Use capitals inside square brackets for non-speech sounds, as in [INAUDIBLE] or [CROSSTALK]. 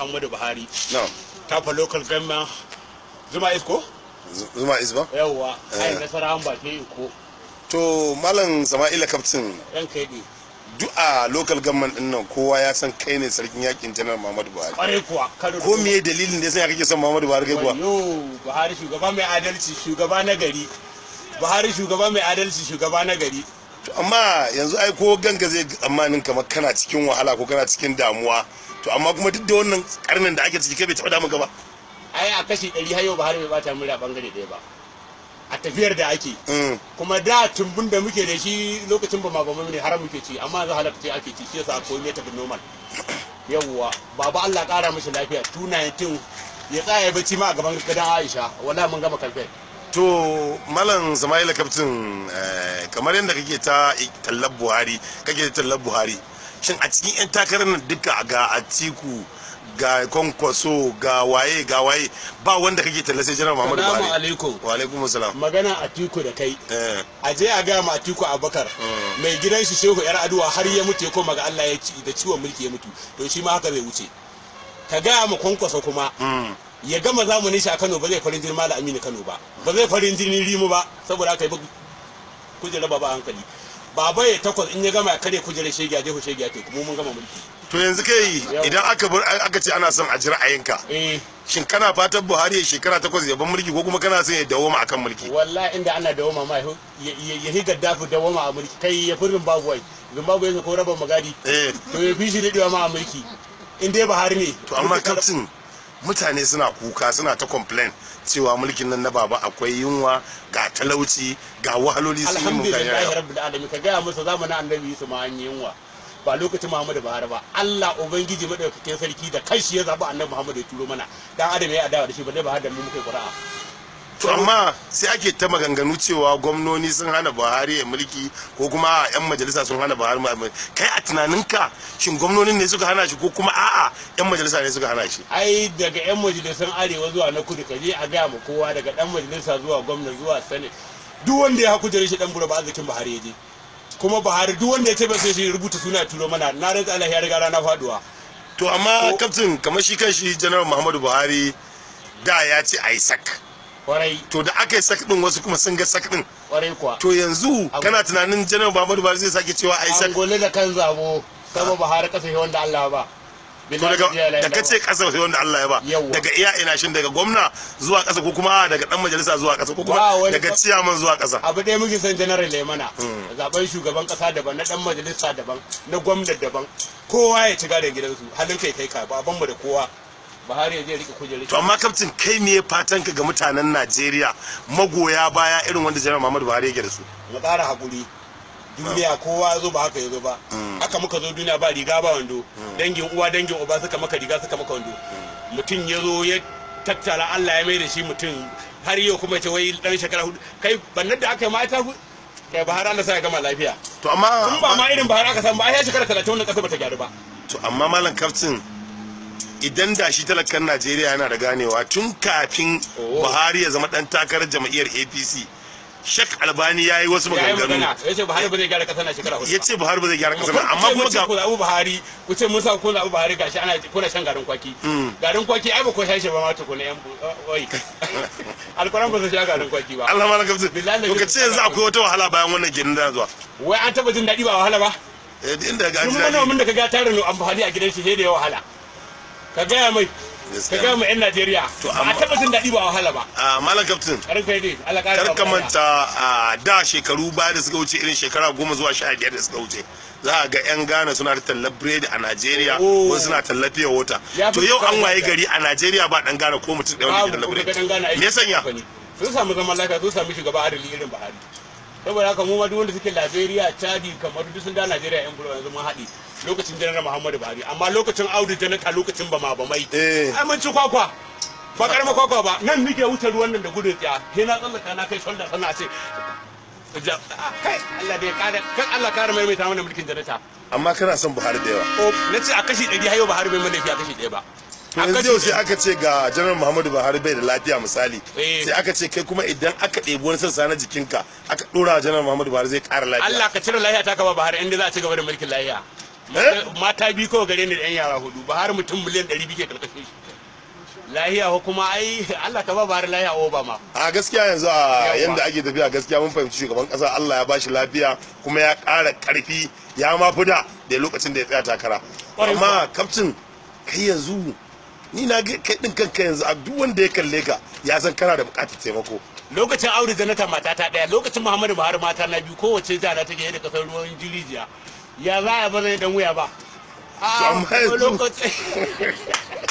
muhammadu buhari no ta fa local government zuma is ko zuma is ba yawwa ai eh. nasara an ba ta yi ko to malam sama'ila captain yan kai ne du'a local government din nan kowa ya san kai ne sarkin yakin janar Muhammadu Buhari. Kware kuwa. Ko me dalilin da yasa kake son Muhammadu Buhari kai kuwa? Yo, Buhari shugaba mai adalci, shugaba na gari. Buhari shugaba mai adalci, shugaba na gari. Amma yanzu ai ko ganga zai amma kamar kana cikin wahala ko kana cikin damuwa. to amma kuma duk da wannan karnin da ake ciki kai bai taɓa damu gaba ai a kashi ɗari har yau ba bai bata murya bangare ɗaya ba a tafiyar da ake mm. kuma da tumbun da muke da shi lokacin ba ma ba ne har muke ci amma yanzu halatta ake ci shi yasa ko ne tafi normal [COUGHS] yawwa baba Allah ƙara mishi lafiya 219 ya tsaya bacci ma a gaban gidan Aisha wallahi mun gama kamfen to malam Samaila kaftin eh, kamar yadda kake ta tallar Buhari kake ta tallar Buhari shin a cikin 'yan takarar nan duka ga atiku ga kwankwaso ga waye ga waye ba wanda kake talla sai jiran muhammadu buhari wa alaikum salam magana atiku da kai eh. a je a ga ma atiku bakar eh. mai gidan shi shehu yar aduwa har ya mutu ya koma ga allah ya ci da ciwon mulki ya mutu to shi ma haka zai wuce ka gaya ma kwankwaso kuma hmm. ya gama zamanin shi a kano ba zai farin jini malam aminu kano ba ba zai farin jini rimu ba saboda haka yi kujerar ba ba hankali baba ya takwas in ya gama ya kare kujerar shege a jefa shege a teku mun gama mulki to yanzu kai idan aka bar aka ce ana son a ji ra'ayinka eh. shin kana fatan Buhari ya shekara takwas ya ban mulki ko kuma kana son ya dawoma akan mulki wallahi inda ana dawoma ma ya higa dafu dawoma a mulki kai ya furin babuwai wai zimbabwe yanzu ko rabon magadi eh. to ya fi shi daɗewa ma a mulki in dai Buhari ne to amma captain mutane suna kuka suna ta complain cewa mulkin nan na baba akwai yunwa ga talauci ga wahaloli sun yi yau alhamdulillah rabbil alamin ka gaya musu zamanin annabi su ma an yunwa ba lokacin Muhammadu Buhari ba Allah ubangiji madaukakin sarki da kanshi ya zabi annabi Muhammadu ya turo mana dan adam ya adawa da shi ba dai ba har da mu muka yi qur'a to amma sai ake ta maganganu cewa gwamnoni sun hana buhari ya mulki ko kuma yan majalisa sun hana buhari ya mulki kai a tunaninka shin gwamnonin ne suka hana shi ko kuma a'a yan majalisa ne suka hana shi ai daga yan majalisan arewa zuwa na kudu kaje a gaya mu kowa daga dan majalisa zuwa gwamna zuwa Sani, duk wanda ya hakujare shi dan buraba azikin buhari ya je kuma buhari duk wanda ya ce ba sai shi rubuta suna turo mana na rantsa Allah ya riga rana faduwa to amma kaftin kamar shi kan shi general muhammadu buhari da ya ce Isaac. to da aka yi sak din wasu kuma sun ga sak din to yanzu kana tunanin janar babu ba zai sake cewa ai sak gole da kan zabo kama ba har kasa wanda Allah ba da ka ce kasa sai wanda Allah ya ba daga iya ina shin daga gwamna zuwa kasa ko kuma daga dan majalisa zuwa kasa ko kuma daga ciyaman zuwa kasa abu ɗaya muke san general ya mana hmm. zaben shugaban kasa daban na dan majalisa daban na gwamna daban kowa ya ci gadon gidansu halin kai kai ka ba ban mu da kowa Buhari ya je rike kujerar to amma kamcin kai me fatan ka ga mutanen Najeriya magoya baya irin wanda jami'a Muhammadu Buhari yake da su mu ƙara hakuri duniya ah. kowa zo ba haka yazo ba mm. haka muka zo duniya ba riga ba wando mm. dangin uwa dangin uba suka maka riga suka maka wando mm. mutum ya zo ya tattara Allah ya mai da shi mutum har yau kuma ce wai dan shekara hudu kai bannan da aka yi mata kai bahar Allah sa ya gama lafiya to amma kun ba ma irin bahar aka san ba ai shekara 30 wannan kasa bata gyaru ba to amma malam kaftin idan da shi talakan najeriya yana da ganewa tun kafin oh. buhari ya zama dan takarar jam'iyyar apc shak albani ya yi wasu maganganu ya ce buhari ba zai gyara kasar na shekara hudu ya ce buhari ba zai gyara kasar na amma kuma ga ku zaɓi buhari ku ce musa sa ku zaɓi buhari gashi ana kuna shan garin kwaki hmm. garin kwaki ai ba ko shan shi ba ma tukuna yan oi [LAUGHS] alƙur'an ba zai sha garin kwaki ba Allah malaka bisu to ka ce yanzu akwai wata wahala bayan wannan ginin da zuwa wai an taba jin daɗi ba wahala ba eh, inda ga ji daɗi mun da ka ga tarin amfani a gidan shi ne da ya wahala ka gaya mai ka gaya mai 'yan najeriya a taɓa daɗi ba wahala ba a ah, malam kaftin karka manta a ah, da shekaru baya da suka wuce irin shekara goma zuwa sha biyar da suka wuce za a ga 'yan ghana suna ta tallar biredi a najeriya ko oh. suna tallafi fiye wata to yau an waye gari a najeriya ba dan ghana ko mutum ɗaya wani tallar biredi me sanya sun samu zaman lafiya sun samu shugaba adali irin buhari saboda haka mu ma duk wanda suke Liberia Chadi kamar duk sun da Najeriya yan gulo yanzu mun haɗi lokacin Janar Muhammadu Buhari amma lokacin Audu Janata lokacin ba Bama Bamai eh. ai mun ci kwakwa ba karma kwakwa ba nan nike wuce ruwan nan da gudun tsaya he na tsallaka na kai shoulder sana ce kai Allah bai kare kan Allah kare mai mai ta mana mulkin Janata amma kana son Buhari da yawa oh, na ce a kashi 100 hayo Buhari bai mai laifi a kashi 1 ba to yanzu yau sai aka ce ga janar muhammadu buhari bai da lafiya misali eh. sai aka ce kai kuma idan aka ɗebi wani sassa na jikinka aka ɗora janar muhammadu buhari zai ƙara lafiya allah ka cire lafiya ta kaba buhari inda za a ci gaba da mulkin lafiya eh? mata biyu kawai gare ni da yan yara hudu buhari mutum miliyan ɗari biyu ke lahiya ko kuma ai Allah ka ba bari lahiya Obama a gaskiya yanzu a yanda ake tafiya gaskiya mun fahimci shugaban kasa Allah ya bashi lafiya kuma ya ƙara ƙarfi ya ma fi da lokacin da ya tsaya takara amma captain kai yanzu ni na ga kai din kanka yanzu a duk wanda ya kalle ka ya san kana da bukatar taimako lokacin aure janata mata ta daya lokacin muhammadu buhari mata na biyu kowace na take da kasar ruwan jirijiya ya za a ba dan wuya ba a ah, lokacin [LAUGHS]